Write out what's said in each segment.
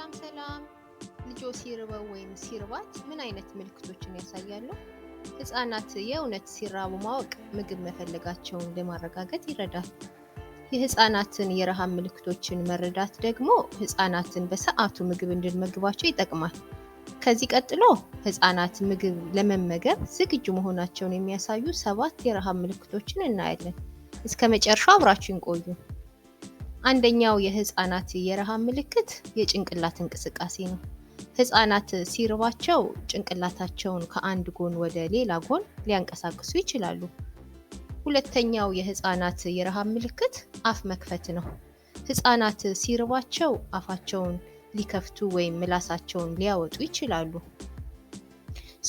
ሰላም ሰላም። ልጆ ሲርበው ወይም ሲርባት ምን አይነት ምልክቶችን ያሳያሉ? ህጻናት የእውነት ሲራቡ ማወቅ ምግብ መፈለጋቸውን ለማረጋገጥ ይረዳል። የህፃናትን የረሃብ ምልክቶችን መረዳት ደግሞ ህፃናትን በሰዓቱ ምግብ እንድንመግባቸው ይጠቅማል። ከዚህ ቀጥሎ ህፃናት ምግብ ለመመገብ ዝግጁ መሆናቸውን የሚያሳዩ ሰባት የረሃብ ምልክቶችን እናያለን። እስከ መጨረሻው አብራችሁን ቆዩ። አንደኛው የህፃናት የረሃብ ምልክት የጭንቅላት እንቅስቃሴ ነው። ህፃናት ሲርባቸው ጭንቅላታቸውን ከአንድ ጎን ወደ ሌላ ጎን ሊያንቀሳቅሱ ይችላሉ። ሁለተኛው የህፃናት የረሃብ ምልክት አፍ መክፈት ነው። ህፃናት ሲርባቸው አፋቸውን ሊከፍቱ ወይም ምላሳቸውን ሊያወጡ ይችላሉ።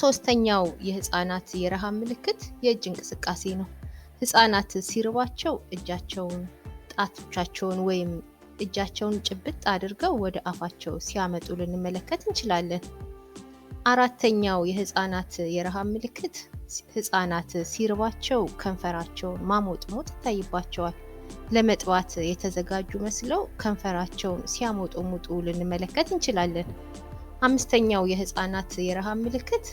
ሶስተኛው የህፃናት የረሃብ ምልክት የእጅ እንቅስቃሴ ነው። ህፃናት ሲርባቸው እጃቸውን ጣቶቻቸውን ወይም እጃቸውን ጭብጥ አድርገው ወደ አፋቸው ሲያመጡ ልንመለከት እንችላለን። አራተኛው የህፃናት የረሃብ ምልክት ህፃናት ሲርባቸው ከንፈራቸውን ማሞጥሞጥ ይታይባቸዋል። ለመጥባት የተዘጋጁ መስለው ከንፈራቸውን ሙጡ ልንመለከት እንችላለን። አምስተኛው የህፃናት የረሃብ ምልክት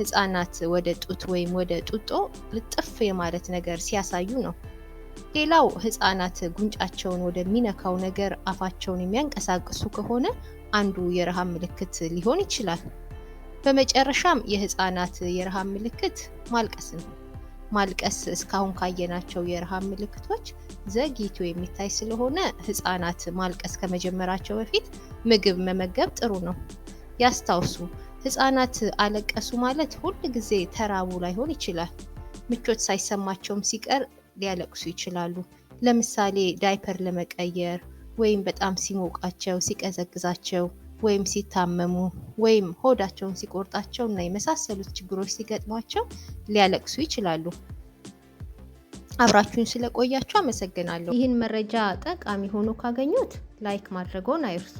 ህፃናት ወደ ጡት ወይም ወደ ጡጦ ልጥፍ የማለት ነገር ሲያሳዩ ነው። ሌላው ህጻናት ጉንጫቸውን ወደሚነካው ነገር አፋቸውን የሚያንቀሳቅሱ ከሆነ አንዱ የረሃብ ምልክት ሊሆን ይችላል። በመጨረሻም የህፃናት የረሃብ ምልክት ማልቀስ ነው። ማልቀስ እስካሁን ካየናቸው የረሃብ ምልክቶች ዘግይቶ የሚታይ ስለሆነ ህፃናት ማልቀስ ከመጀመራቸው በፊት ምግብ መመገብ ጥሩ ነው። ያስታውሱ፣ ህፃናት አለቀሱ ማለት ሁል ጊዜ ተራቡ ላይሆን ይችላል። ምቾት ሳይሰማቸውም ሲቀር ሊያለቅሱ ይችላሉ። ለምሳሌ ዳይፐር ለመቀየር ወይም በጣም ሲሞቃቸው፣ ሲቀዘቅዛቸው ወይም ሲታመሙ ወይም ሆዳቸውን ሲቆርጣቸው እና የመሳሰሉት ችግሮች ሲገጥሟቸው ሊያለቅሱ ይችላሉ። አብራችሁን ስለቆያችሁ አመሰግናለሁ። ይህን መረጃ ጠቃሚ ሆኖ ካገኙት ላይክ ማድረገውን አይርሱ።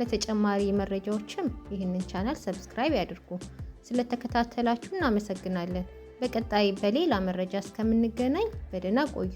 ለተጨማሪ መረጃዎችም ይህንን ቻናል ሰብስክራይብ ያድርጉ። ስለተከታተላችሁ እናመሰግናለን። በቀጣይ በሌላ መረጃ እስከምንገናኝ በደህና ቆዩ።